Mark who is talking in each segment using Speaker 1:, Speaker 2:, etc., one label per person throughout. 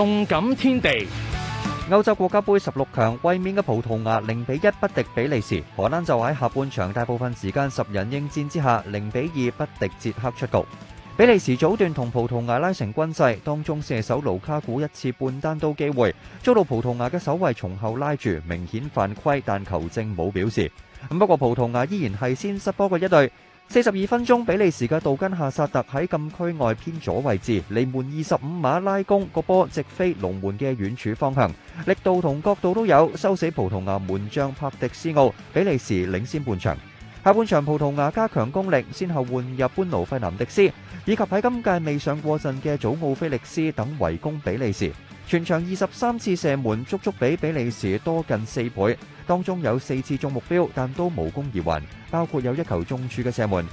Speaker 1: 動感天地，歐洲國家盃十六強，衛冕嘅葡萄牙零比一不敵比利時，荷蘭就喺下半場大部分時間十人應戰之下零比二不敵捷克出局。比利時早段同葡萄牙拉成均勢，當中射手盧卡古一次半單刀機會，遭到葡萄牙嘅守衛從後拉住，明顯犯規，但球證冇表示。咁不過葡萄牙依然係先失波嘅一隊。42分鐘，比利時嘅杜根夏薩特喺禁區外偏左位置，離門25碼拉弓，個波，直飛，龍門嘅遠處方向。力度同角度都有，收死葡萄牙門將帕迪斯奧，比利時領先半場。下半場，葡萄牙加強攻力，先後換入班奴費南迪斯，以及喺今屆未上過陣嘅祖奧菲利斯等圍攻比利時。全場二十三次射門，足足比比利時多近四倍。當中有四次中目標，但都無功而還，包括有一球中柱嘅射門。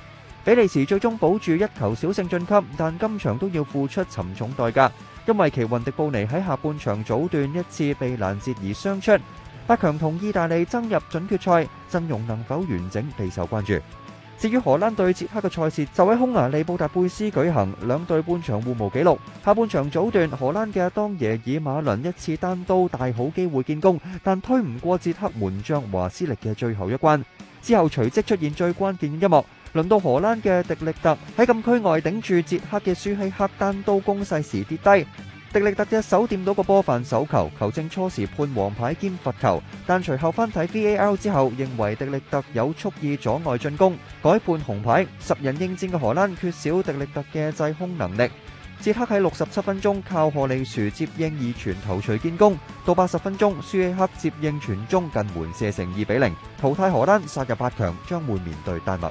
Speaker 1: 比利時最終保住一球小勝晉級，但今場都要付出沉重代價，因為奇雲迪布尼喺下半場早段一次被攔截而傷出。八強同意大利爭入準決賽，陣容能否完整備受關注。至於荷蘭對捷克嘅賽事就喺匈牙利布達佩斯舉行，兩隊半場互無紀錄。下半場早段，荷蘭嘅當耶爾馬倫一次單刀大好機會建功，但推唔過捷克門將華斯力嘅最後一關。之後隨即出現最關鍵一幕，輪到荷蘭嘅迪力特喺禁區外頂住捷克嘅舒希克單刀攻勢時跌低。迪力特隻手掂到個波犯手球，球證初時判黃牌兼罰球，但隨後翻睇 VAR 之後，認為迪力特有蓄意阻礙進攻，改判紅牌。十人應戰嘅荷蘭缺少迪力特嘅制空能力，捷克喺六十七分鐘靠荷利殊接應二傳頭錘建功，到八十分鐘舒耶克接應傳中近門射成二比零，淘汰荷蘭殺入八強，將會面對丹麥。